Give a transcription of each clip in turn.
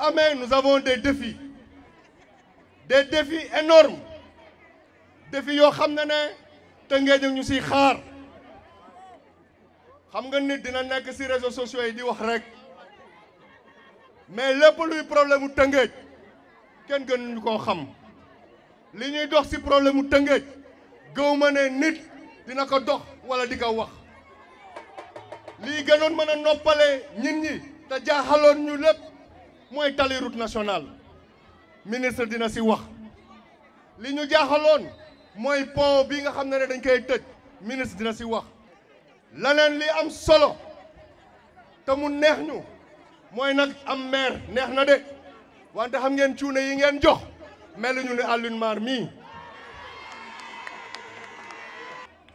Amen, nous avons des défis. Des défis énormes. Défis yo xamné ne Nous ñu ci xaar xam nga nit dina nek des réseaux sociaux yi di wax rek mais lepp luy problème avons ken xam li ñuy dox des problème Nous avons ne nit dina ko dox wala di ko wax Li des mëna a avons nous moy tali route nationale ministre dina ci wax li ñu jaaxaloon mooy pont bi nga xam dañ koy tëj ministre dina ci wax lanen li am solo te mu neex ñu moy nak am maire neex na de wante xam ngeen ciune yi ngeen jox ñu ne alune Mar mi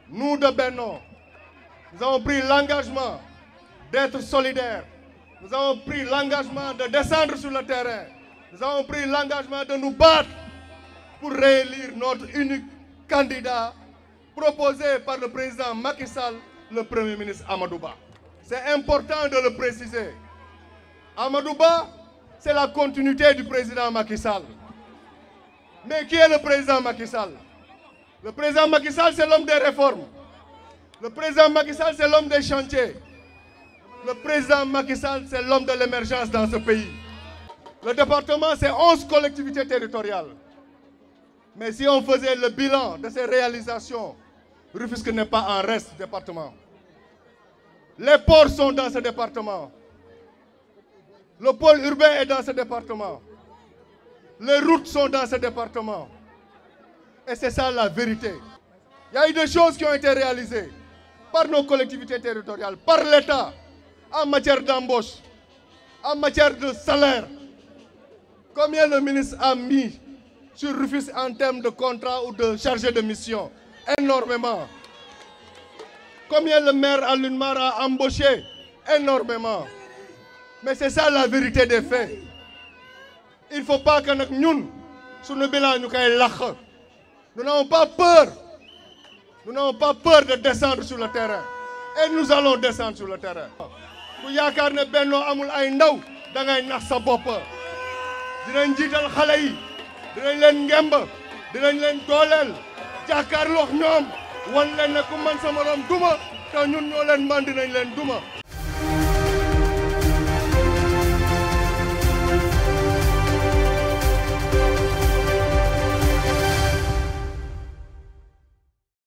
nous de Benno nous avons pris l'engagement d'être solidaires nous avons pris l'engagement de descendre sur le terrain. Nous avons pris l'engagement de nous battre pour réélire notre unique candidat proposé par le président Macky Sall, le Premier ministre Amadouba. C'est important de le préciser. Amadouba, c'est la continuité du président Macky Sall. Mais qui est le président Macky Sall Le président Macky Sall, c'est l'homme des réformes. Le président Macky Sall, c'est l'homme des chantiers. Le président Macky Sall, c'est l'homme de l'émergence dans ce pays. Le département, c'est 11 collectivités territoriales. Mais si on faisait le bilan de ces réalisations, Rufusque n'est pas un reste, département. Les ports sont dans ce département. Le pôle urbain est dans ce département. Les routes sont dans ce département. Et c'est ça la vérité. Il y a eu des choses qui ont été réalisées par nos collectivités territoriales, par l'État en matière d'embauche, en matière de salaire. Combien le ministre a mis sur Rufus en termes de contrat ou de chargé de mission Énormément. Combien le maire à a embauché Énormément. Mais c'est ça la vérité des faits. Il ne faut pas que nous, sur le bilan, nous Nous n'avons pas peur. Nous n'avons pas peur de descendre sur le terrain. Et nous allons descendre sur le terrain. ku yaakaar ne bennoo amul ay ndaw da ngay nax sa bopp dinañ jiital xale yi dinañ leen ngemb dinañ leen dooleel jàkkaarloo ñoom wan leen ne ku man sa morom duma te ñun ñoo leen man dinañ leen duma